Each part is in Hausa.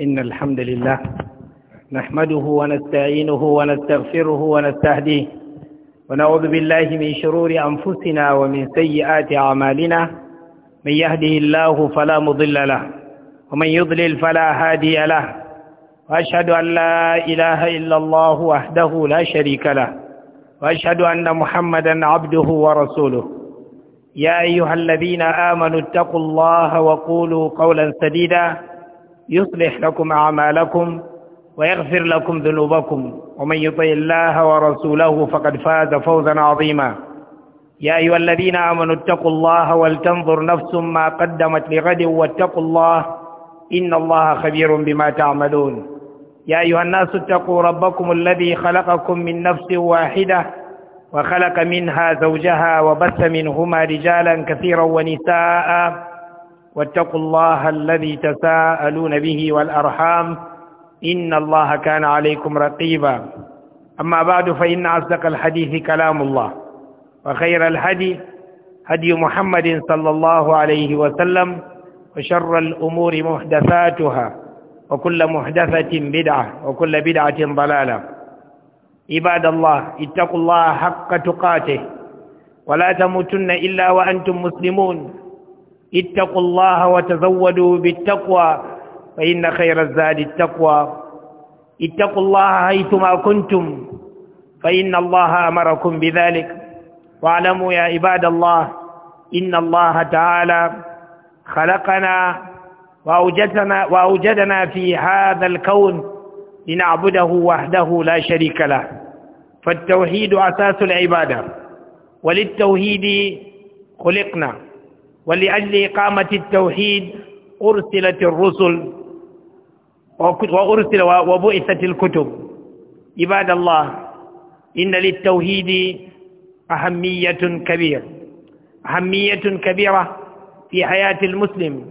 إن الحمد لله نحمده ونستعينه ونستغفره ونستهديه ونعوذ بالله من شرور أنفسنا ومن سيئات أعمالنا من يهده الله فلا مضل له ومن يضلل فلا هادي له وأشهد أن لا إله إلا الله وحده لا شريك له وأشهد أن محمدا عبده ورسوله يا أيها الذين آمنوا اتقوا الله وقولوا قولا سديدا يصلح لكم أعمالكم ويغفر لكم ذنوبكم ومن يطع الله ورسوله فقد فاز فوزا عظيما يا أيها الذين آمنوا اتقوا الله ولتنظر نفس ما قدمت لغد واتقوا الله إن الله خبير بما تعملون يا أيها الناس اتقوا ربكم الذي خلقكم من نفس واحدة وخلق منها زوجها وبث منهما رجالا كثيرا ونساء واتقوا الله الذي تساءلون به والأرحام إن الله كان عليكم رقيبا أما بعد فإن أصدق الحديث كلام الله وخير الهدي هدي محمد صلى الله عليه وسلم وشر الأمور محدثاتها وكل محدثة بدعة وكل بدعة ضلالة عباد الله اتقوا الله حق تقاته ولا تموتن إلا وأنتم مسلمون اتقوا الله وتزودوا بالتقوى فإن خير الزاد التقوى اتقوا الله حيثما كنتم فإن الله أمركم بذلك واعلموا يا عباد الله إن الله تعالى خلقنا وأوجدنا, وأوجدنا في هذا الكون لنعبده وحده لا شريك له فالتوحيد أساس العبادة وللتوحيد خلقنا ولأجل إقامة التوحيد أرسلت الرسل وأرسل وبعثت الكتب عباد الله إن للتوحيد أهمية كبيرة أهمية كبيرة في حياة المسلم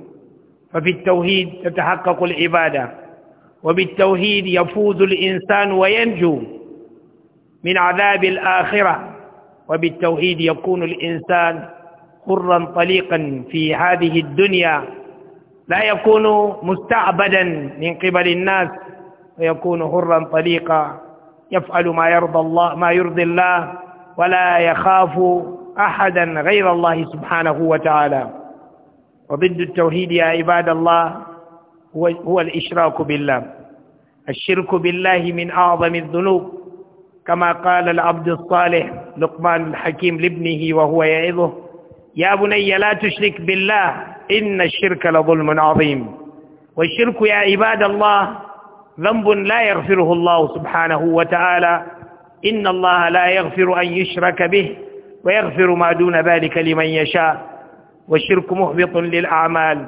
ففي التوحيد تتحقق العبادة وبالتوحيد يفوز الإنسان وينجو من عذاب الآخرة وبالتوحيد يكون الإنسان قرا طليقا في هذه الدنيا لا يكون مستعبدا من قبل الناس ويكون حرا طليقا يفعل ما يرضى الله ما يرضي الله ولا يخاف أحدا غير الله سبحانه وتعالى وضد التوحيد يا عباد الله هو, هو الإشراك بالله الشرك بالله من أعظم الذنوب كما قال العبد الصالح لقمان الحكيم لابنه وهو يعظه يا بني لا تشرك بالله إن الشرك لظلم عظيم والشرك يا عباد الله ذنب لا يغفره الله سبحانه وتعالى إن الله لا يغفر أن يشرك به ويغفر ما دون ذلك لمن يشاء والشرك محبط للأعمال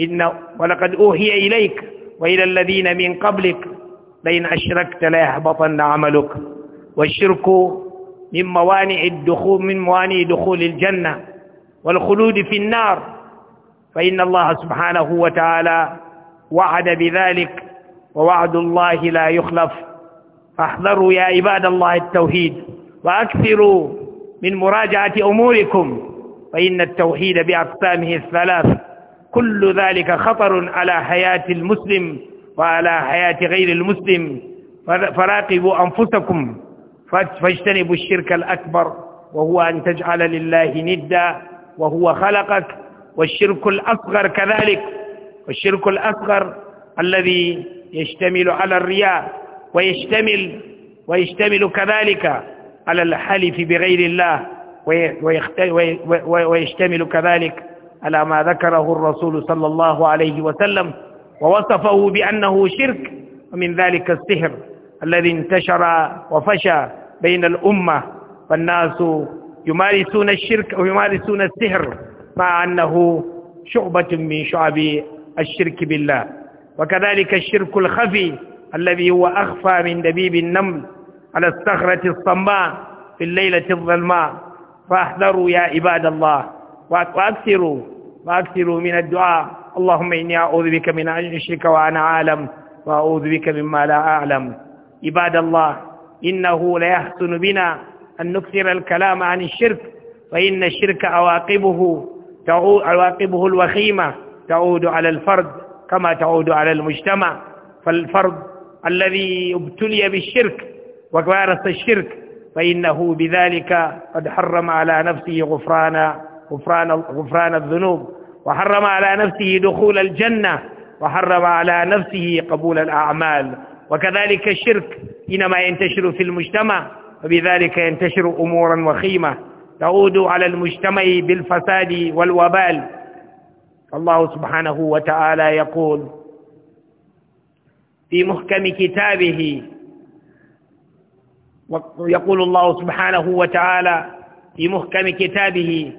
إن ولقد أوهي إليك وإلى الذين من قبلك لئن أشركت ليحبطن عملك والشرك من موانع الدخول من موانع دخول الجنة والخلود في النار فإن الله سبحانه وتعالى وعد بذلك ووعد الله لا يخلف فاحذروا يا عباد الله التوحيد وأكثروا من مراجعة أموركم فإن التوحيد بأقسامه الثلاث كل ذلك خطر على حياة المسلم وعلى حياة غير المسلم فراقبوا أنفسكم فاجتنبوا الشرك الأكبر وهو أن تجعل لله ندا وهو خلقك والشرك الأصغر كذلك والشرك الأصغر الذي يشتمل على الرياء ويشتمل ويشتمل كذلك على الحلف بغير الله ويشتمل كذلك على ما ذكره الرسول صلى الله عليه وسلم ووصفه بأنه شرك ومن ذلك السحر الذي انتشر وفشى بين الأمة والناس يمارسون الشرك ويمارسون السحر مع أنه شعبة من شعب الشرك بالله وكذلك الشرك الخفي الذي هو أخفى من دبيب النمل على الصخرة الصماء في الليلة الظلماء فاحذروا يا عباد الله وأكثروا وأكثروا من الدعاء اللهم إني أعوذ بك من أن أشرك وأنا عالم وأعوذ بك مما لا أعلم عباد الله إنه ليحسن بنا أن نكثر الكلام عن الشرك فإن الشرك عواقبه عواقبه الوخيمة تعود على الفرد كما تعود على المجتمع فالفرد الذي ابتلي بالشرك ومارس الشرك فإنه بذلك قد حرم على نفسه غفران غفران غفران الذنوب وحرم على نفسه دخول الجنة وحرم على نفسه قبول الأعمال وكذلك الشرك حينما ينتشر في المجتمع وبذلك ينتشر أمورا وخيمة تعود على المجتمع بالفساد والوبال الله سبحانه وتعالى يقول في محكم كتابه يقول الله سبحانه وتعالى في محكم كتابه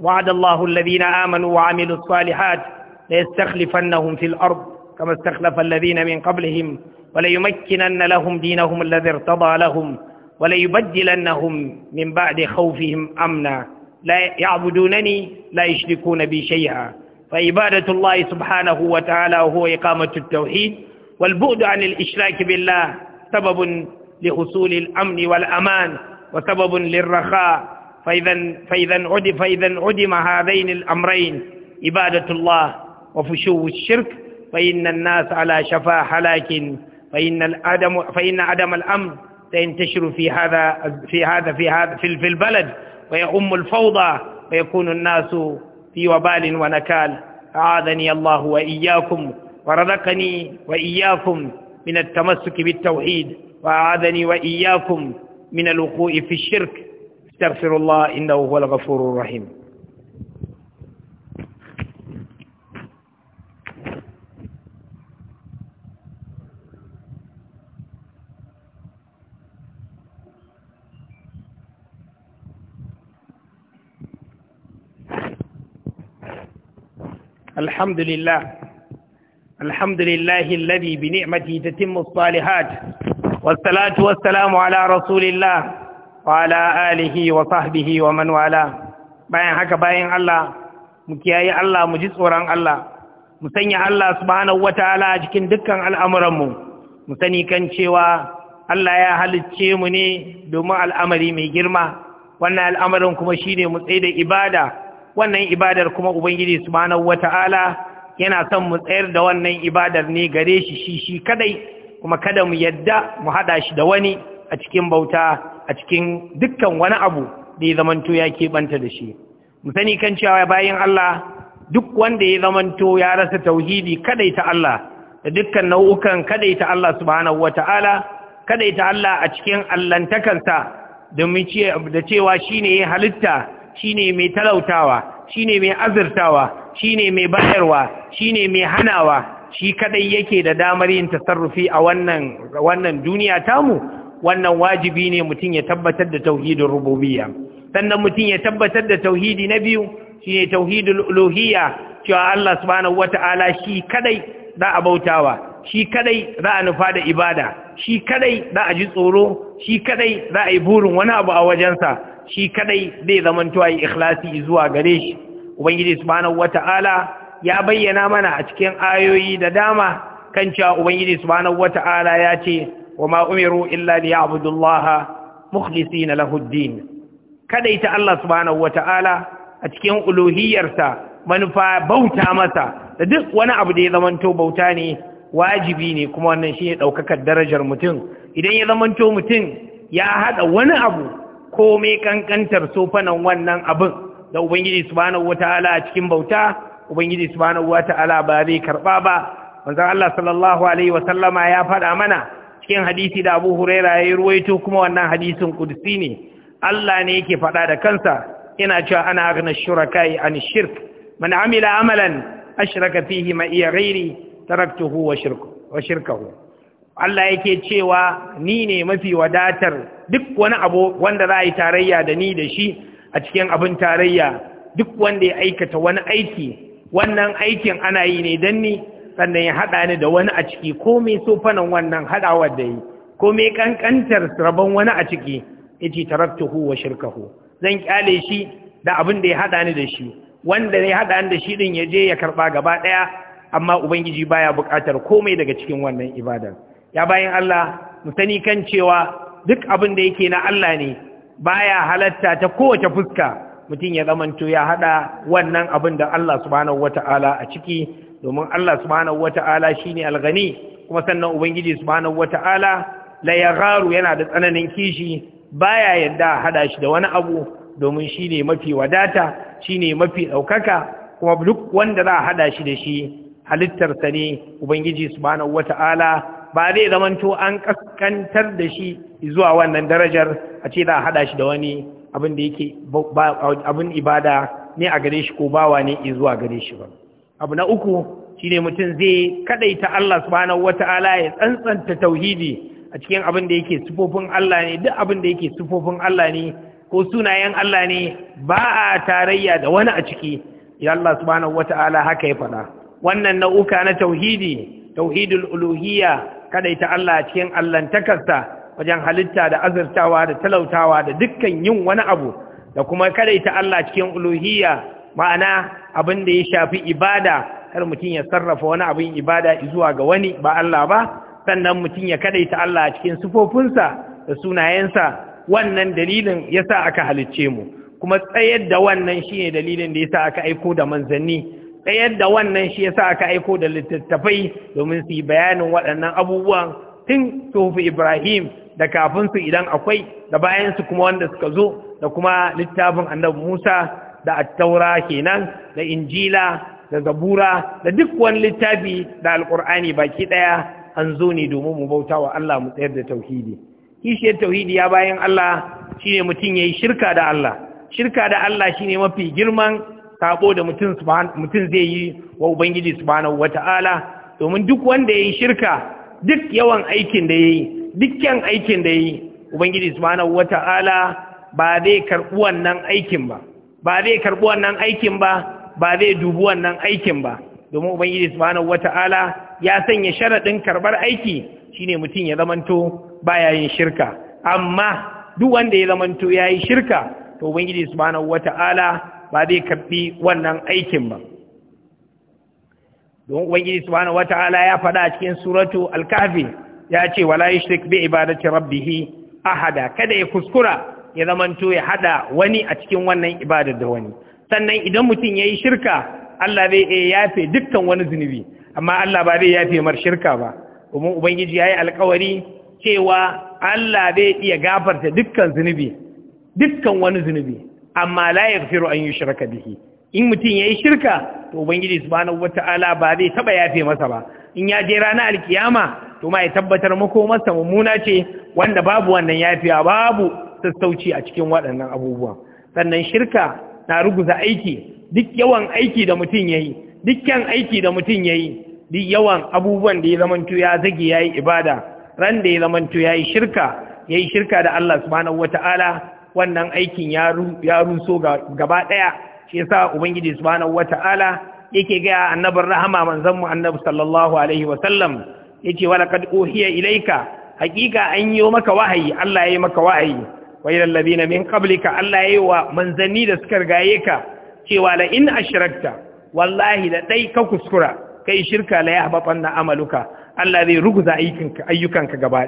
وعد الله الذين آمنوا وعملوا الصالحات ليستخلفنهم في الأرض كما استخلف الذين من قبلهم وليمكنن لهم دينهم الذي ارتضى لهم وليبدلنهم من بعد خوفهم أمنا لا يعبدونني لا يشركون بي شيئا فعبادة الله سبحانه وتعالى هو إقامة التوحيد والبعد عن الإشراك بالله سبب لحصول الأمن والأمان وسبب للرخاء فإذا فإذا عدم فإذا عدم هذين الأمرين عبادة الله وفشو الشرك فإن الناس على شفا هلاك فإن الأدم فإن عدم الأمن سينتشر في هذا في هذا في هذا في, في البلد ويؤم الفوضى ويكون الناس في وبال ونكال أعاذني الله وإياكم ورزقني وإياكم من التمسك بالتوحيد وأعاذني وإياكم من الوقوع في الشرك استغفر الله إنه هو الغفور الرحيم الحمد لله الحمد لله الذي بنعمته تتم الصالحات والصلاة والسلام على رسول الله وعلى آله وصحبه ومن والاه bayan haka bayan Allah mu kiyaye Allah mu ji tsoron Allah mu sanya Allah subhanahu wataala a cikin dukkan al'amuran mu mu sani kan cewa Allah ya halicce mu ne domin al'amari mai girma wannan al'amarin kuma shi ne mu tsaye da ibada wannan ibadar kuma ubangiji subhanahu wata'ala yana son mu tsayar da wannan ibadar ne gare shi shi shi kadai kuma kada mu yadda mu hada shi da wani a cikin bauta a cikin dukkan wani abu da ya zamanto ya keɓanta da shi mu sani kan cewa bayan Allah duk wanda ya zamanto ya rasa tauhidi kadai ta Allah da dukkan nau'ukan kadai ta Allah subhanahu wata'ala kadai ta Allah a cikin allantakansa domin da cewa shine ya halitta shine mai talautawa shine mai azurtawa shine mai bayarwa shine mai hanawa shi kadai yake da damar yin tasarrufi a wannan wannan duniya tamu wannan wajibi ne mutum ya tabbatar da tauhidin rububiyya sannan mutum ya tabbatar da tauhidi na biyu shine tauhidul uluhiyya cewa Allah subhanahu wata'ala shi kadai za a bautawa shi kadai za a nufa da ibada shi kadai za a ji tsoro shi kadai za a yi burin wani abu a wajensa shi kadai zai zamanto yi ikhlasi zuwa gare shi ubangiji subhanahu wata'ala ya bayyana mana a cikin ayoyi da dama kan cewa ubangiji subhanahu wata'ala ya ce wama umiru illa liya'budullaha mukhlisina lahu ad-din ta Allah subhanahu wata'ala a cikin uluhiyarsa manufa bauta masa da duk wani abu da ya zamanto bauta ne wajibi ne kuma wannan shi ne ɗaukakar darajar mutum idan ya zamanto mutum ya haɗa wani abu komai kankantar sofanan wannan abin da ubangiji subhanahu wataala a cikin bauta ubangiji subhanahu wataala ba zai karɓa ba Wanzan Allah sallallahu alaihi wa sallama ya faɗa mana cikin hadisi da Abu Huraira ya ruwaito kuma wannan hadisin kudusi ne Allah ne yake faɗa da kansa yana cewa ana aghna shurakai an shirk man amila amalan ashraka fihi ma iya ghairi taraktuhu wa shirku wa shirkahu Allah yake cewa ni ne mafi wadatar duk wani abu wanda za a yi tarayya da ni da shi a cikin abin tarayya duk wanda ya aikata wani aiki wannan aikin ana yi ne don ni sannan ya haɗa ni da wani a ciki ko mai sofanan wannan haɗawar da yi ko mai ƙanƙantar rabon wani a ciki ya ce taraktuhu wa shirkahu zan ƙyale shi da abin da ya haɗa ni da shi wanda ya haɗa ni da shi ɗin ya je ya karɓa gaba ɗaya amma ubangiji baya buƙatar komai daga cikin wannan ibadar ya bayan Allah mu sani kan cewa duk abin da yake na Allah ne baya halatta ta kowace fuska mutum ya zamanto ya hada wannan abin da Allah subhanahu wata'ala a ciki domin Allah subhanahu wata'ala shine alghani kuma sannan ubangiji subhanahu wata'ala la yagharu yana da tsananin kishi baya yadda hada shi da wani abu domin shine mafi wadata shine mafi daukaka kuma duk wanda za a hada shi da shi halittarsa ne ubangiji subhanahu wata'ala ba zai zamanto an kaskantar da shi zuwa wannan darajar a ce za a hada shi da wani abin da yake abin ibada ne a gare shi ko bawa ne zuwa gare shi ba abu na uku shine mutum zai kadaita Allah subhanahu wataala ya tsantsanta tauhidi a cikin abin da yake sufofin Allah ne duk abin da yake sufofin Allah ne ko sunayen Allah ne ba a tarayya da wani a ciki ya Allah subhanahu wataala haka ya faɗa wannan nau'uka na tauhidi tauhidul uluhiyya kadaita Allah cikin allantakarsa wajen halitta da azurtawa da talautawa da dukkan yin wani abu da kuma kadaita Allah cikin uluhiyya ma'ana abin da ya shafi ibada kar mutum ya sarrafa wani abin ibada zuwa ga wani ba Allah ba sannan mutum ya kadaita Allah cikin sifofinsa da sunayensa wannan dalilin yasa aka halicce mu kuma tsayar da wannan shine dalilin da yasa aka aiko da manzanni ɗayar da wannan shi ya sa aka aiko da littattafai domin su yi bayanin waɗannan abubuwan tun Tufi ibrahim da kafinsu idan akwai da bayan su kuma wanda suka zo da kuma littafin annabi musa da attaura kenan da injila da zabura da duk wani littafi da Alƙur'ani baki ɗaya an zo ne domin mu bauta wa allah mu tsayar da tauhidi kishiyar tauhidi ya bayan allah shine mutum ya yi shirka da allah shirka da allah shine mafi girman sabo da mutum zai yi wa ubangiji subhanahu wata'ala domin duk wanda ya shirka duk yawan aikin da ya dukkan aikin da yayi ubangiji subhanahu wata'ala ba zai karɓi wannan aikin ba ba zai karɓi wannan aikin ba ba zai dubi wannan aikin ba domin ubangiji subhanahu wata'ala ya sanya sharaɗin karɓar aiki shine mutum ya zamanto baya yin shirka amma duk wanda ya zamanto ya yi shirka to ubangiji subhanahu wata'ala ba zai karɓi wannan aikin ba don ubangiji subhanahu ta'ala ya faɗa a cikin suratu al-kahfi ya ce wala yushrik bi ibadati rabbih ahada kada ya kuskura ya zamanto ya hada wani a cikin wannan ibadar da wani sannan idan mutum yayi shirka Allah zai iya yafe dukkan wani zunubi amma Allah ba zai yafe mar shirka ba kuma ubangiji yi alƙawari cewa Allah zai iya gafarta dukkan zunubi dukkan wani zunubi amma la firu an yi shirka bihi in mutum ya yi shirka to ubangiji subhanahu wataala ba zai taba yafe masa ba in ya je rana alkiyama to ma ya tabbatar makomarsa mummuna ce wanda babu wannan yafiya babu sassauci a cikin waɗannan abubuwa sannan shirka na ruguza aiki duk yawan aiki da mutum ya yayi dukkan aiki da mutum ya yi. duk yawan abubuwan da ya zamanto ya zage yayi ibada ran da ya zamanto yi shirka ya yi shirka da Allah subhanahu wataala wannan aikin ya ruso gaba ɗaya shi yasa ubangiji subhanahu wata'ala yake ga annabar rahama manzanmu annabi sallallahu alaihi wa wala kad uhiya ilaika hakika an yi maka wahayi Allah ya yi maka wahayi wa ilal ladina min qablika Allah ya yi wa manzanni da suka rigaye ka cewa la in ashrakta wallahi da dai ka kuskura kai shirka la yahbatanna amaluka Allah zai ruguza ayyukanka ayyukanka gaba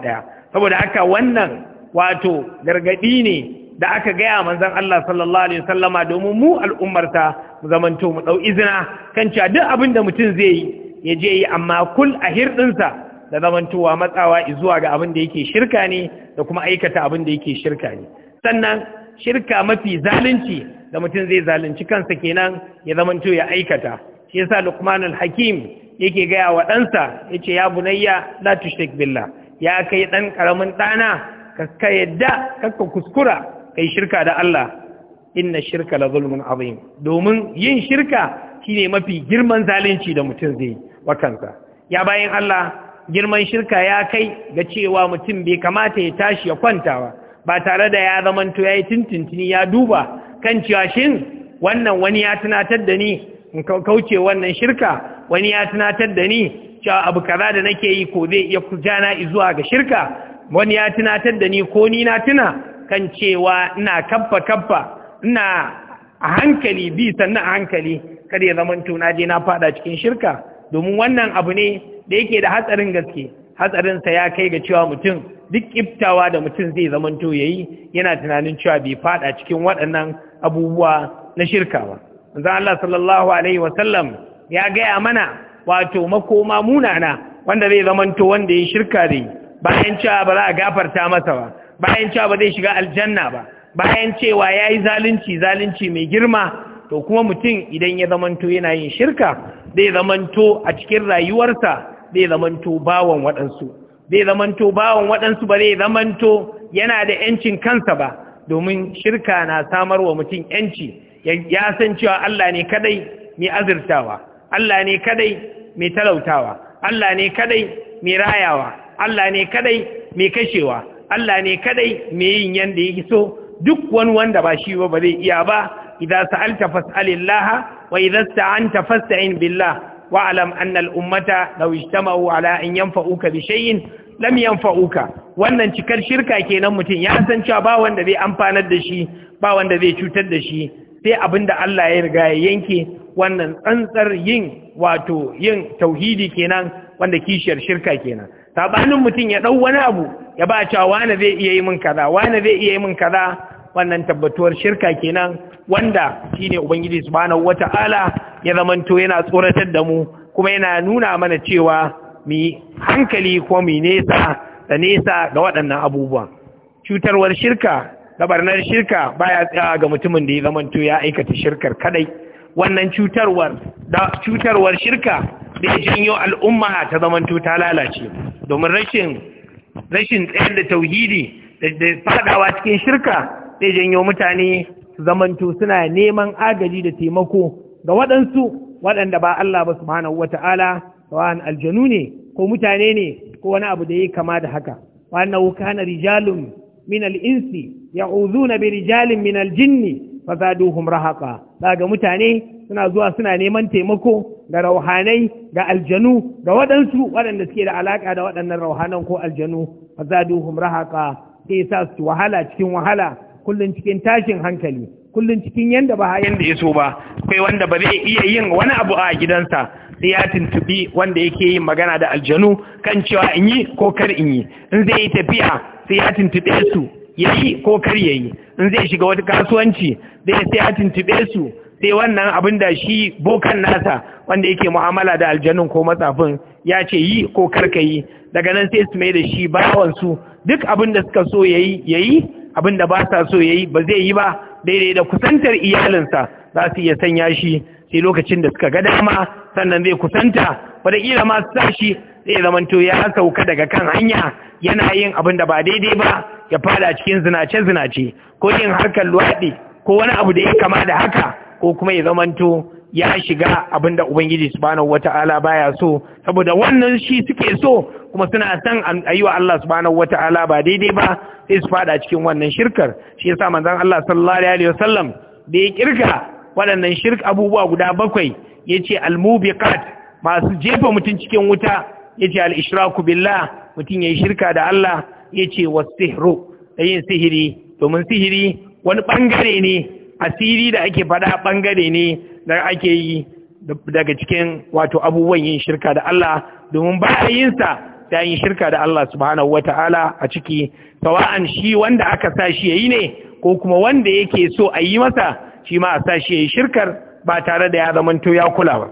saboda haka wannan wato gargadi ne da aka gaya manzan Allah sallallahu alaihi wasallama domin mu al'ummarta mu zamanto mu ɗau izina kan cewa duk abin da mutum zai yi ya je yi amma kul a hirɗinsa da zamantowa matsawa zuwa ga abin da yake shirka ne da kuma aikata abin da yake shirka ne sannan shirka mafi zalunci da mutum zai zalunci kansa kenan ya zamanto ya aikata shi yasa Luqman hakim yake gaya wa ɗansa ce ya bunayya la tushrik billah ya kai dan karamin ɗana ka yadda kakka kuskura kai shirka da Allah inna shirka la zulmun azim domin yin shirka shine mafi girman zalunci da mutum zai wa kansa ya bayan Allah girman shirka ya kai ga cewa mutum bai kamata ya tashi ya kwantawa ba tare da ya zamanto yayi tintintini ya duba kan cewa shin wannan wani ya tunatar da ni in kauce wannan shirka wani ya tunatar da ni cewa abu kaza da nake yi ko zai iya kujana zuwa ga shirka wani ya tunatar da ni ko ni na tuna kan cewa ina kaffa-kaffa, ina a hankali bi sannan hankali kar ya zama na je na fada cikin shirka domin wannan abu ne da yake da hatsarin gaske hatsarin sa ya kai ga cewa mutum duk kiftawa da mutum zai zama to yayi yana tunanin cewa bai fada cikin waɗannan abubuwa na shirka ba manzo Allah sallallahu alaihi wa sallam ya gaya mana wato makoma munana wanda zai zama to wanda ya shirka dai bayan cewa ba za a gafarta masa ba bayan cewa ba zai shiga aljanna ba bayan cewa ya yi zalunci zalunci mai girma to kuma mutum idan ya zamanto yana yin shirka zai zamanto a cikin rayuwarsa zai zamanto bawan waɗansu zai zamanto bawan waɗansu ba zai zamanto yana da ‘yancin kansa ba domin shirka na samar wa mutum ‘yanci ya san cewa Allah ne kadai mai azurtawa, Allah ne kadai mai talautawa Allah ne kadai mai rayawa Allah ne kadai mai kashewa Allah ne kadai mai yin yanda yake so duk wani wanda ba shi ba zai iya ba idan sa'alta fas'alillaha wa idan sta'anta fasta'in billah wa alam anna al'ummata law ijtama'u ala an yanfa'uka bi shay'in lam yanfa'uka wannan cikar shirka kenan mutum ya san cewa ba wanda zai amfanar da shi ba wanda zai cutar da shi sai abinda Allah ya riga ya yanke wannan tsantsar yin wato yin tauhidi kenan wanda kishiyar shirka kenan sabanin mutum ya dau wani abu ya ba cewa wani zai iya yi min kaza wani zai iya yi min kaza wannan tabbatuwar shirka kenan wanda shine ubangiji subhanahu wataala ya zamanto yana tsoratar da mu kuma yana nuna mana cewa mu hankali ko mu nesa da nesa ga waɗannan abubuwa cutarwar shirka da barnar shirka baya tsaya ga mutumin da ya zamanto ya aikata shirkar kadai wannan cutarwar da cutarwar shirka da ya janyo al'umma ta zaman ta lalace domin rashin tsayar da tauhidi da fadawa cikin shirka zai janyo mutane zamanto suna neman agaji da taimako ga waɗansu waɗanda ba Allah ba Su subhanahu wata'ala sawan aljanu ne ko mutane ne ko wani abu da ya kama da haka wa annahu na rijalun min al-insi na bi rijalin min al-jinni fazaduhum rahaqa daga mutane suna zuwa suna neman taimako ga rauhanai ga aljanu ga waɗansu waɗanda suke da alaƙa da waɗannan rauhanan ko aljanu fazaduhum rahaqa sai sa su wahala cikin wahala kullun cikin tashin hankali kullun cikin yanda ba yanda ya so ba akwai wanda ba zai iya yin wani abu a gidansa sai ya tuntubi wanda yake yin magana da aljanu kan cewa in yi ko kar in yi in zai yi tafiya sai ya tuntube su ya yi ko kar ya yi in zai shiga wata kasuwanci zai sai a tuntube su sai wannan abin da shi bokan nasa wanda yake mu'amala da aljanun ko matsafin ya ce yi ko karka yi daga nan sai su mai da shi bawansu duk abin da suka so ya yi abin da ba sa so yi ba zai yi ba daidai da kusantar iyalinsa za su iya sanya shi sai lokacin da suka ga dama sannan zai kusanta ba ma su sa shi zama to ya sauka daga kan hanya yana yin abin da ba daidai ba ya fada cikin zinace-zinace ko yin harkar luwaɗi ko wani abu da ya kama da haka ko kuma ya zamanto ya shiga abin da Ubangiji subhanahu wata'ala baya so saboda wannan shi suke so kuma suna san wa Allah subhanahu wata'ala ba daidai ba sai su fada cikin wannan shirkar shi yasa manzon Allah sallallahu alaihi wasallam da ya kirga waɗannan shirk abubuwa guda bakwai yace al-mubiqat masu jefa mutum cikin wuta yace al-ishraku billah mutum yayi shirka da Allah yace was-sihru da yin sihiri domin sihiri wani bangare ne asiri da ake faɗa bangare ne da ake yi daga cikin wato abubuwan yin shirka da Allah domin ba yin sa ta yin shirka da Allah subhanahu wata'ala a ciki sawa'an shi wanda aka sa shi yi ne ko kuma wanda yake so a yi masa shi ma a sa shi yayi shirkar ba tare da ya zamanto ya kula ba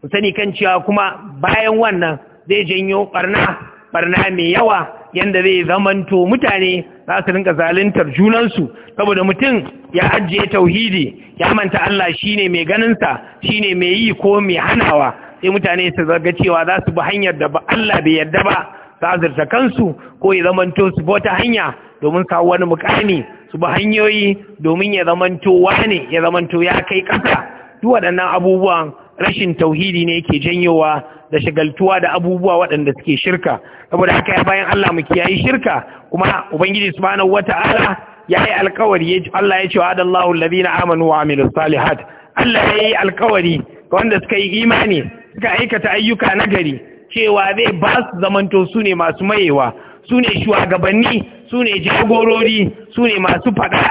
ku sani kan cewa kuma bayan wannan zai janyo barna barna mai yawa yanda zai zamanto mutane za su rinka zaluntar junansu saboda mutum ya ajiye tauhidi ya manta Allah shine mai ganinsa shine mai yi ko mai hanawa sai mutane su zarga cewa za su bi hanyar da Allah bai yarda ba za su zarta kansu ko ya zamanto su bota hanya domin kawo wani mukami su bi hanyoyi domin ya zamanto wani ya zamanto ya kai ƙasa duk waɗannan abubuwan rashin tauhidi ne ke janyowa da shagaltuwa da abubuwa waɗanda suke shirka saboda haka ya bayan Allah mu kiyaye shirka kuma ubangiji subhanahu wata'ala ya yi alkawari Allah ya ce wa adallahu alladhina amanu wa amilus salihat Allah ya yi alkawari ga wanda suka yi imani suka aikata ayyuka nagari cewa zai ba su zamanto su ne masu mayewa su ne shugabanni su ne jagorori su ne masu faɗa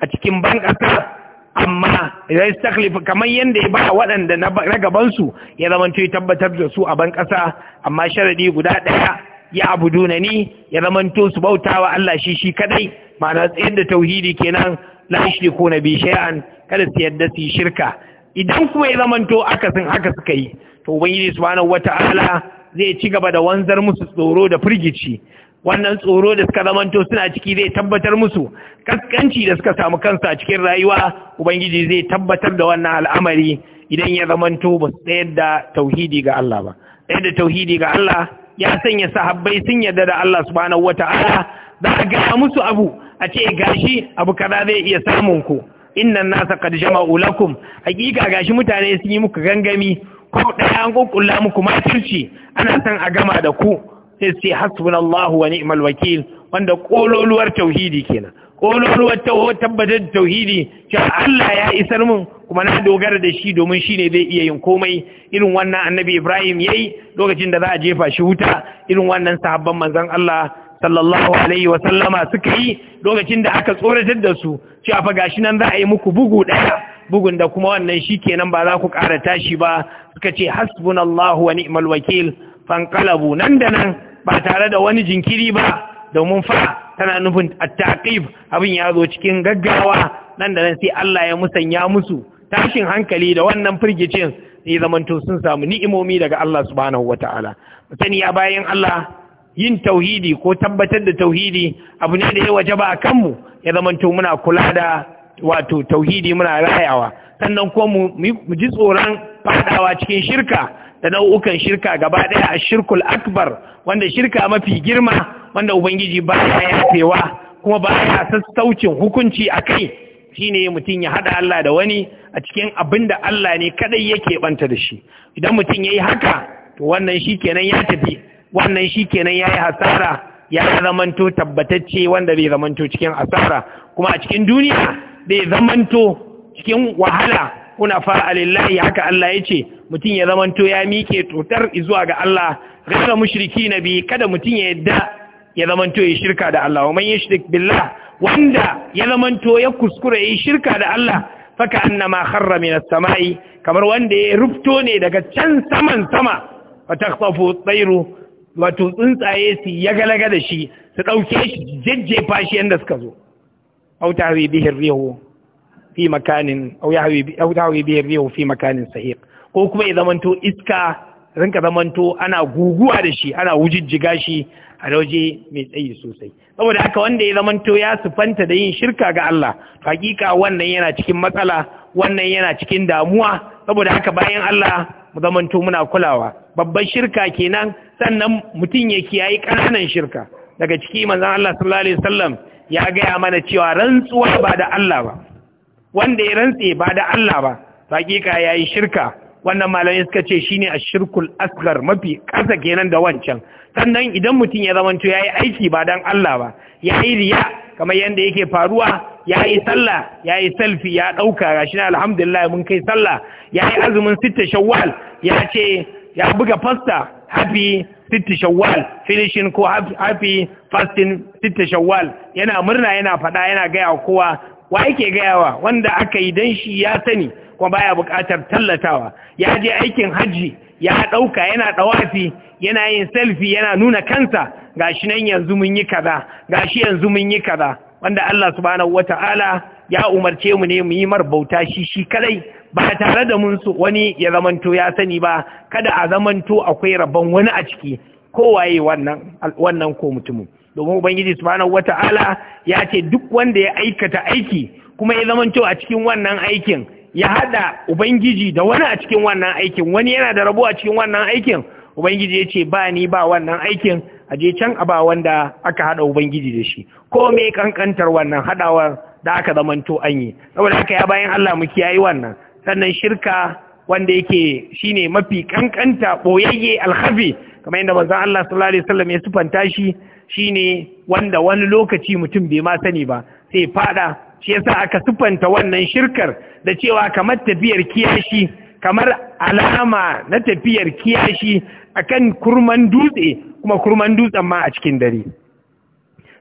a cikin ban ƙasa amma idan kamar yadda ya ba waɗanda na gabansu ya zamanto ya tabbatar da su a ban ƙasa amma sharaɗi guda ɗaya ya abu ni ya zamanto su bautawa Allah shi shi kadai ma'ana tsayar da tauhidi kenan la ko na bi shay'an kada su yadda su yi shirka idan kuma ya zamanto aka akasin haka suka yi to ubangiji subhanahu wata'ala zai ci gaba da wanzar musu tsoro da firgici wannan tsoro da suka zamanto suna ciki zai tabbatar musu kaskanci da suka samu kansu a cikin rayuwa ubangiji zai tabbatar da wannan al'amari idan ya zamanto ba su tsayar da tauhidi ga Allah ba tsayar da tauhidi ga Allah ya sanya sahabbai sun yarda da Allah subhanahu wata'ala za a ga musu abu a ce gashi abu kaza zai iya samun ku innan nasa qad jama'u lakum hakika gashi mutane sun yi muku gangami ko daya an kokulla muku matirci ana san a gama da ku sai sai hasbunallahu wa ni'mal wakil wanda kololuwar tauhidi kenan kololuwar tabbatar tauhidi cewa Allah ya isar mun kuma na dogara da shi domin shi ne zai iya yin komai irin wannan annabi Ibrahim yayi lokacin da za a jefa shi wuta irin wannan sahabban manzon Allah sallallahu alaihi wa sallama suka yi lokacin da aka tsoratar da su cewa fa gashi nan za a yi muku bugu daya bugun da kuma wannan kenan ba za ku ƙara tashi ba suka ce hasbunallahu wa ni'mal wakil fankalabu nan da nan ba tare da wani jinkiri ba domin fa tana nufin attaqib abin ya zo cikin gaggawa nan da nan sai Allah ya musanya musu tashin hankali da wannan firgicin sai zamanto sun samu ni'imomi daga Allah subhanahu wataala sani ya bayan Allah yin tauhidi ko tabbatar da tauhidi abu ne da ya ba a kanmu ya zamanto muna kula da wato tauhidi muna rayawa sannan kuma mu ji tsoron fadawa cikin shirka da nau'ukan shirka gaba ɗaya a shirkul akbar wanda shirka mafi girma wanda ubangiji ba ya yafewa kuma ba ya sassaucin hukunci a kai shine mutum ya haɗa Allah da wani a cikin abin da Allah ne kadai yake banta da shi idan mutum ya yi haka to wannan shi kenan ya tafi wannan shi kenan ya yi hasara ya zamanto tabbatacce wanda zai zamanto cikin asara kuma a cikin duniya zai zamanto cikin wahala hunafa alillahi haka Allah ya ce mutum ya zamanto ya miƙe tutar zuwa ga Allah raira mushriki na biyu kada mutum ya yadda ya zamanto ya shirka da Allah man billah wanda ya zamanto ya kuskura ya yi shirka da Allah faka annama na min mai samai kamar wanda ya rufto ne daga can saman sama fatakhafu tsairu wato tsuntsaye su ya galaga da shi su ɗauke shi jajjefa shi yadda suka zo auta bihin rihu fi makanin au yahwi biyar rihu fi makanin sahiq ko kuma ya zamanto iska ka zamanto ana guguwa da shi ana wujijjiga shi a waje mai tsayi sosai saboda haka wanda ya zamanto ya sufanta da yin shirka ga Allah hakika wannan yana cikin matsala wannan yana cikin damuwa saboda haka bayan Allah mu zamanto muna kulawa babban shirka kenan sannan mutum ya kiyaye kananan shirka daga ciki manzon Allah sallallahu alaihi wasallam ya gaya mana cewa rantsuwa ba da Allah ba wanda ya rantse ba da Allah ba hakika yayi shirka wannan malamai suka ce shine shirkul asgar mafi ƙasa kenan da wancan sannan idan mutum ya zamanto yayi aiki ba dan Allah ba yayi riya kamar yadda yake faruwa ya yi sallah ya yi salfi ya ɗauka shi na alhamdulillah mun kai sallah ya yi azumin sitta shawwal ya ce ya buga fasta hafi sitta shawwal finishin ko hafi fastin sitta shawwal yana murna yana faɗa yana gaya kowa wa yake gayawa wanda aka yi dan shi ya sani kuma baya buƙatar tallatawa ya je aikin hajji ya ɗauka yana ɗawafi yana yin selfie yana nuna kansa gashi nan yanzu mun yi kaza gashi yanzu mun yi kaza wanda Allah subhanahu wata'ala ya umarce mu ne mu yi marbauta shi shi kadai ba tare da mun su wani ya zamanto ya sani ba kada a zamanto akwai rabon wani a ciki kowaye wannan wannan ko mutumin domin ubangiji subhanahu ta'ala ya ce duk wanda ya aikata aiki kuma ya zamanto a cikin wannan aikin ya hada ubangiji da wani a cikin wannan aikin wani yana da rabo a cikin wannan aikin ubangiji ya ce ba ni ba wannan aikin a je can a ba wanda aka hada ubangiji da shi ko me kankantar wannan hadawar da aka zamanto an yi saboda haka ya bayan Allah mu kiyaye wannan sannan shirka wanda yake shine mafi kankanta boyayye alkhafi kamar yadda manzon Allah sallallahu alaihi wasallam ya sufanta shi shine wanda wani lokaci mutum bai ma sani ba sai fada shi yasa aka siffanta wannan shirkar da cewa kamar tafiyar kiyashi kamar alama na tafiyar kiyashi akan kurman dutse kuma kurman dutsen ma a cikin dare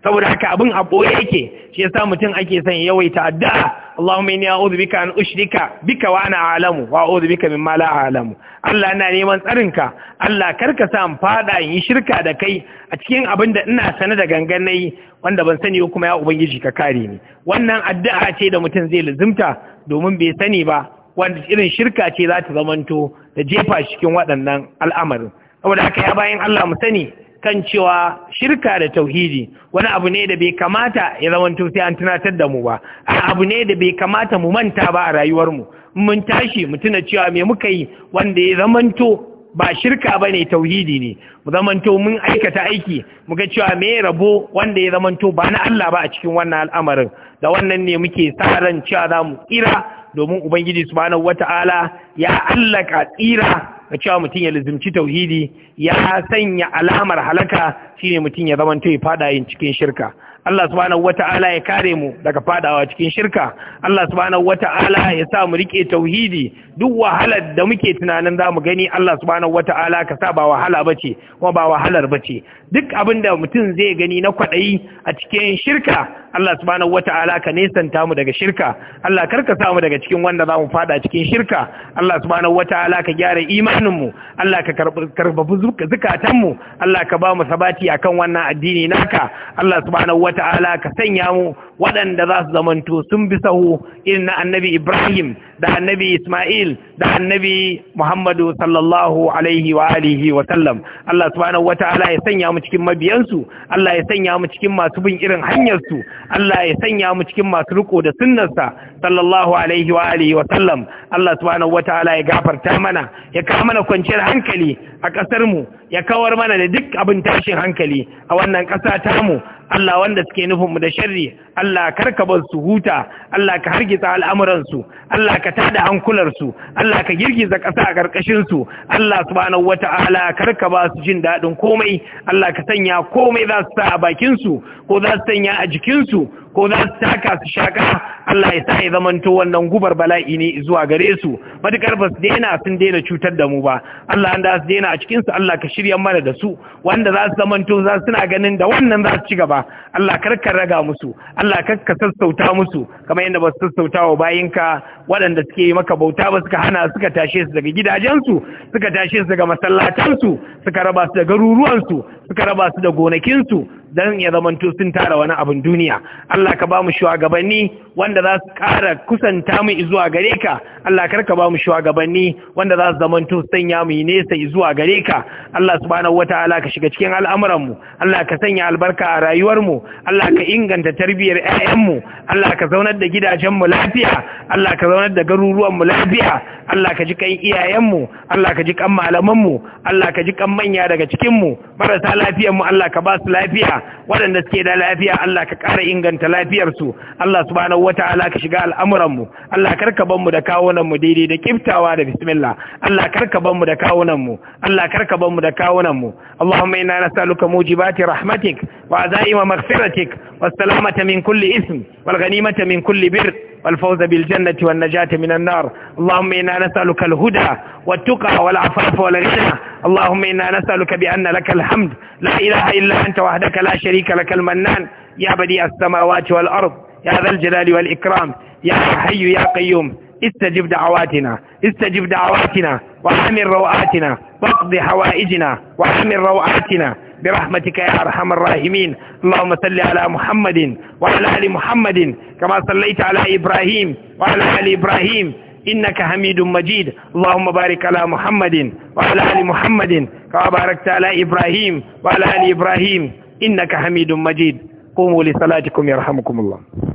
saboda haka abin a boye yake shi yasa mutum ake son yawaita addu'a Allahumma inni a'udhu bika an ushrika bika wa ana a'lamu wa a'udhu bika mimma la a'lamu Allah ina neman tsarinka Allah karka sa mu fada in yi shirka da kai a cikin abin da ina sane da gangan nayi wanda ban sani kuma ya ubangiji ka kare ni wannan addu'a ce da mutum zai lazimta domin bai sani ba wanda irin shirka ce za ta zamanto da jefa cikin waɗannan al'amarin saboda haka ya bayan Allah mu sani kan cewa shirka da tauhidi wani abu ne da bai kamata ya zamanto sai an tunatar da mu ba abu ne da bai kamata mu manta ba a rayuwarmu mun tashi mu tuna cewa me muka yi wanda ya zamanto ba shirka ba ne tauhidi ne mu zamanto mun aikata aiki muka cewa me rabo wanda ya zamanto ba na Allah ba a cikin wannan al'amarin da wannan ne muke sa ran cewa za mu tsira domin ubangiji subhanahu wata'ala ya allaka tsira ga cewa mutum ya lizimci tauhidi ya sanya alamar halaka shine mutum ya zamanto ya fada yin cikin shirka Allah subhanahu wata'ala ya kare mu daga fadawa cikin shirka Allah subhanahu wata'ala ya sa mu rike tauhidi duk wahalar da muke tunanin zamu gani Allah subhanahu wata'ala ka sa ba wahala bace kuma ba wahalar bace duk abin da mutum zai gani na kwadayi a cikin shirka Allah subhanahu wata'ala ka nesanta mu daga shirka Allah karka sa mu daga cikin wanda zamu fada cikin shirka Allah subhanahu wata'ala ka gyara imanin mu Allah ka karbabu zukatan mu Allah ka ba mu sabati akan wannan addini naka Allah subhanahu wata'ala ka sanya mu waɗanda za su zamanto sun bi sahu irin na annabi Ibrahim da annabi Ismail da annabi Muhammadu sallallahu alaihi wa alihi wa sallam Allah subhanahu wataala ya sanya mu cikin mabiyansu Allah ya sanya mu cikin masu bin irin hanyar su Allah ya sanya mu cikin masu riko da sunnarsa sallallahu alaihi wa alihi wa sallam Allah subhanahu wataala ya gafarta mana ya kawo mana kwanciyar hankali a kasar mu ya kawar mana da duk abin tashin hankali a wannan kasa tamu Allah wanda suke nufin mu da sharri Allah karka bar su huta Allah ka hargitsa al'amuransu, Allah ka tada hankularsu Allah ka girgiza ƙasa a ƙarƙashinsu Allah subhanahu wata'ala karka ba su jin daɗin komai Allah ka sanya komai za su sa a bakinsu ko za su sanya a jikinsu ko za su taka su shaka Allah ya sa ya zamanto wannan gubar bala'i ne zuwa gare su matukar ba su daina sun daina cutar da mu ba Allah an da su daina a cikinsu Allah ka shirya mana da su wanda za su zamanto za suna ganin da wannan za su ci gaba Allah kar ka raga musu Allah kar ka sassauta musu kamar yadda ba su sassauta wa bayinka waɗanda suke yi maka bauta ba suka hana suka tashe su daga gidajensu suka tashe su daga masallatansu suka raba su da garuruwansu suka raba su da gonakinsu don ya zamanto sun tara wani abin duniya Allah Allah ka ba mu shugabanni wanda za su kara kusanta mu zuwa gare ka Allah kar ka ba mu shugabanni wanda za su zamanto sanya mu nesa zuwa gare ka Allah subhanahu wataala ka shiga cikin al'amuran mu Allah ka sanya albarka a rayuwar mu Allah ka inganta tarbiyar ƴaƴan mu Allah ka zaunar da gidajen mu lafiya Allah ka zaunar da garuruwan mu lafiya Allah ka ji kan iyayen mu Allah ka ji kan malaman mu Allah ka ji kan manya daga cikin mu marasa lafiyar mu Allah ka ba su lafiya waɗanda suke da lafiya Allah ka ƙara inganta lafiyarsu Allah subhanahu wataala ka shiga al'amuranmu Allah karka mu da kawunanmu daidai da kiftawa da bismillah Allah karka mu da kawunanmu Allah karka mu da kawunanmu Allahumma inna nas'aluka mujibati rahmatik وعزائم ومغفرتك والسلامة من كل إثم والغنيمة من كل بر والفوز بالجنة والنجاة من النار اللهم إنا نسألك الهدى والتقى والعفاف والغنى اللهم إنا نسألك بأن لك الحمد لا إله إلا أنت وحدك لا شريك لك المنان يا بديع السماوات والأرض يا ذا الجلال والإكرام يا حي يا قيوم استجب دعواتنا استجب دعواتنا وحمل روآتنا واقض حوائجنا وحمل روآتنا برحمتك يا أرحم الراحمين اللهم صل على محمد وعلى آل محمد كما صليت على إبراهيم وعلى آل إبراهيم إنك حميد مجيد اللهم بارك على محمد وعلى آل محمد كما باركت على إبراهيم وعلى آل إبراهيم إنك حميد مجيد قوموا لصلاتكم يرحمكم الله